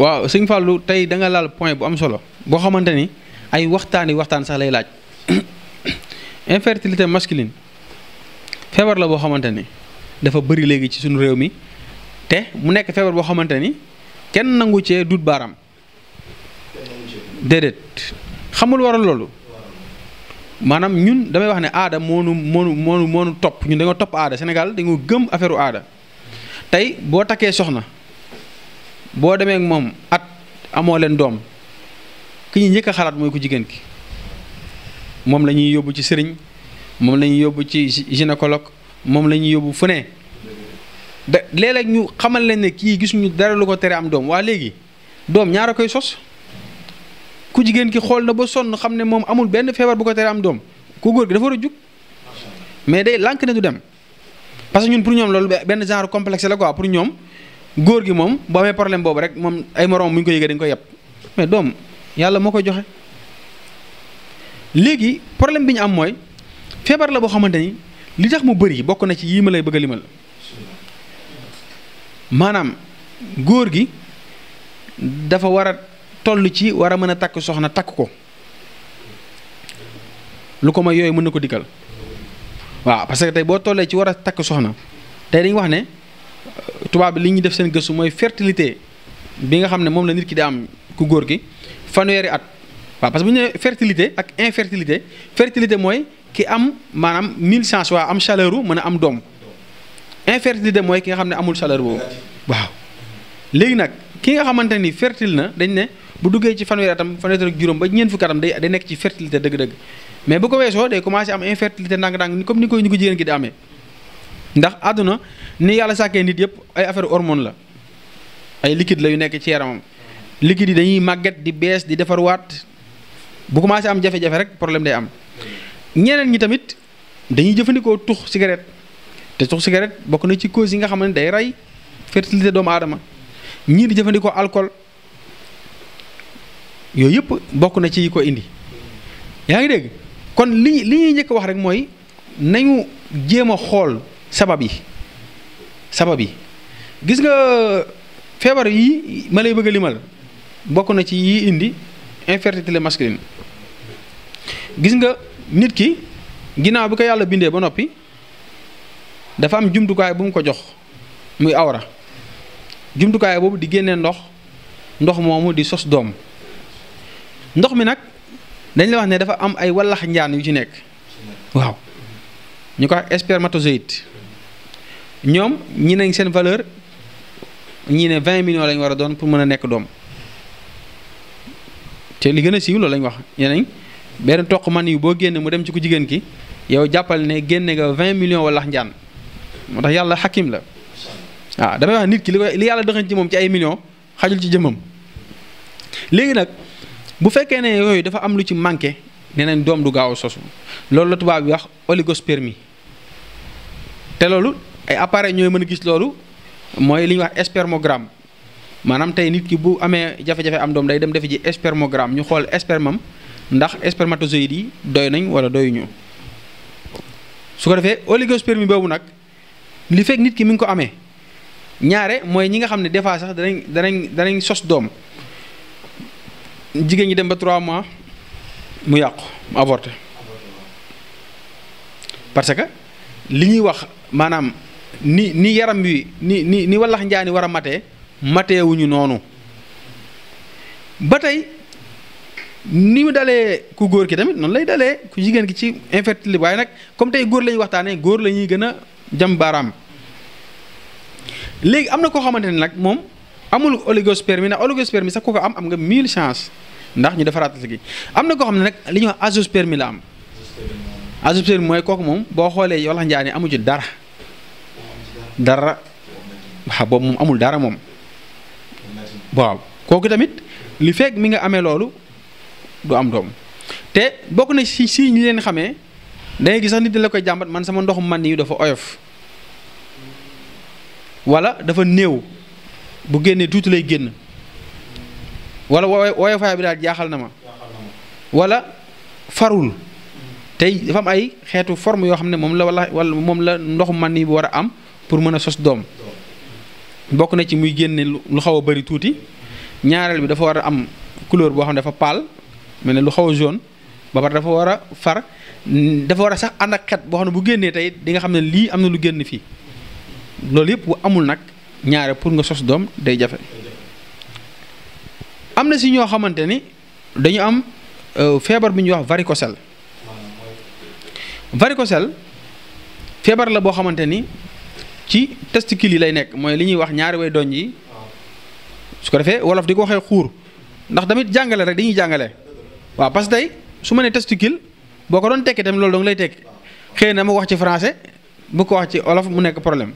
waaw sëñ fallu tey da nga laal point bu am solo boo xamante ni ay waxtaani waxtaan sax lay laaj infertilité masculine feebar la boo xamante ni dafa bëri léegi ci suñu réew mi te mu nekk feebar boo xamante ni kenn nangu cee dut baaram déedéet xamul waral loolu maanaam ñun damay wax ne aada moonu moonu moonu moonu topp ñun dañoo topp aada Sénégal dañoo gëm affaireu aada tey boo takkee soxna boo demee moom at amoo leen doom ki ñu njëkk a xalaat mooy ku jigéen ki moom la ñuy yóbbu ci sëriñ moom lañuy yóbbu ci gynécologue moom la ñuy yóbbu fu ne da léeg ñu xamal leen ne kii ñu dara lu ko tere am doom waa léegi doom ñaara koy sos ku jigéen ki xool na ba sonn xam ne moom amul benn feebar bu ko tere am doom ku góor gi dafa war a jug mais day lànk ne du dem parce que ñun pour ñoom loolu benn genre complexe la quoi pour ñoom. góor gi mom bu amé problème bobu rek mom ay morom bu ñu ko yégué dañ ko yeb mais dom yalla moko joxé légui problème biñ am moy fébar la bo xamanteni li tax mu bëri bokku na ci yima lay bëgg limal manam gi dafa wara tollu ci wara mëna tak soxna tak ko lu ko ma yoy mëna ko dikal waaw parce que tay bo tollé ci wara tak soxna tay dañ wax ne. tubaab bi li ñuy def seen gëstu mooy fertilité bi nga xam ne moom la nit ki di am ku góor gi fanweeri at waaw parce que bu ñu nee fertilité ak infertilité fertilité mooy ki am maanaam mille chance waa am chaleur mën a am doom infertilité mooy ki nga xam ne amul chaleur boobu waaw léegi nag ki nga xamante ni fertile na dañ ne bu duggee ci fanweeri atam fanweeri ak juróom ba ñeent fukki day day nekk ci fertilité dëgg-dëgg mais bu ko weesoo day commencé am infertilité ndànk-ndànk comme ni koy ñu ko jigéen gi di amee ndax àdduna ni yàlla sàkkee nit yëpp ay affaire hormone la ay liquide la yu nekk ci yaramam liquide yi dañuy màgget di bees di defarwaat bu commencé am jafe-jafe rek problème day am ñeneen ñi tamit dañuy jëfandikoo tux cigarette te tux cigarette bokk na ci cause yi nga xam ne day rey fertilité doomu aadama ñii jëfandikoo alcool yooyu yëpp bokk na ci ko indi yaa ngi dégg kon li li ñuy njëkk wax rek mooy nañu jéem a xool sabab yi sabab yi gis nga feebar yi ma lay bëgg a limal bokk na ci yi indi infertilité masculine gis nga nit ki ginnaaw bi ko yàlla bindee ba noppi dafa am jumtukaay bu mu ko jox muy awra jumtukaay boobu di génne ndox ndox moomu di sos doom ndox mi nag dañ la wax ne dafa am ay wallax yu ci nekk waaw ñu ko wax spermatozoïde ñoom ñi nañ seen valeur ñi ne 20 million lañ war a doon pour mën a nekk doom te li gën a siiw loolu lañ wax ñeneen benn toq man yu boo génne mu dem ci ko jigéen ki yow jàppal ne génne nga 20 millions wala moo tax yàlla xakim la waaw damay wax nit ki li koy li yàlla dëxañ ci moom ci ay millions xajul ci jëmmam léegi nag bu fekkee ne yooyu dafa am lu ci manqué nee nañ doom du gaaw a sosu loolu la tubaab bi wax oligospermie te loolu ay appareil ñooy mën a gis loolu mooy li ñu wax spermogramme maanaam tey nit ki bu amee jafe-jafe am doom day dem defi ji spermogramme ñu xool spermam ndax spermatozoïdes yi doy nañ wala doyuñu su ko defee oligospermie boobu nag li fekk nit ki mi ngi ko amee ñaare mooy ñi nga xam ne des fois sax danañ danañ danañ sos doom jigéen ñi dem ba trois mois mu yàqu mu avorté parce que li ñuy wax maanaam. ni ni yaram wi ni ni ni wallax njaani war a matee mateewuñu noonu ba tey ni mu dalee ku góor ki tamit noonu lay dalee ku jigéen ki ci infertilité waaye nag comme tey góor la ñuy waxtaanee góor la ñuy gën a jam baaraam léegi am na koo xamante ne nag moom amul oligospermie ndax oligospermie sax ku am am nga mille chance ndax ñu defaraat gi am na koo xam ne nag li ñuy wax azoospermie la am azoospermie mooy kooku moom boo xoolee yow la njaani amu dara dara waxa boobu moom amul dara moom waaw kooku tamit li fekk mi nga amee loolu du am doom te bokk na si si ñi leen xamee dangay gis sax nit la koy jàmbat man sama ndoxum man yi dafa oyof walla dafa néew bu génnee tuuti lay génn wala woyofaay bi daal jaaxal na ma walla farul tey dafa am ay xeetu form yoo xam ne moom la wala wala moom la ndoxu man yi bu war a am pour mën sos dom bokk na ci muy génne lu xawa bari tuuti ñaaral bi dafa wara am couleur bo xamne dafa pâle mel lu xawa jaune ba dafa wara far dafa wara sax ànd ak xet boo xam bu tay di nga xamne ne amna am lu génn fi loolu yëpp amul nak ñaare pour nga sos dom day jafé am ci si xamanteni teni, dañu am euh, fièvre bu ñu wax varicocele varicocele fièvre la bo xamanteni ci testicule yi lay nekk mooy li ñuy wax ñaari way doñ yi su ko defee wolof di ko waxee xuur ndax tamit jàngale rek dañuy jàngale waaw parce que su ma nee testicule boo ko doon tekkee tamit loolu dong lay tekk xëy na ma wax ci français bu ko wax ci olof mu nekk problème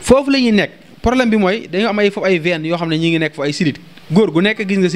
foofu la ñuy nekk problème bi mooy dañoo am ay foofu ay veine yoo xam ne ñi ngi nekk foofu ay sidit góor gu nekk gis nga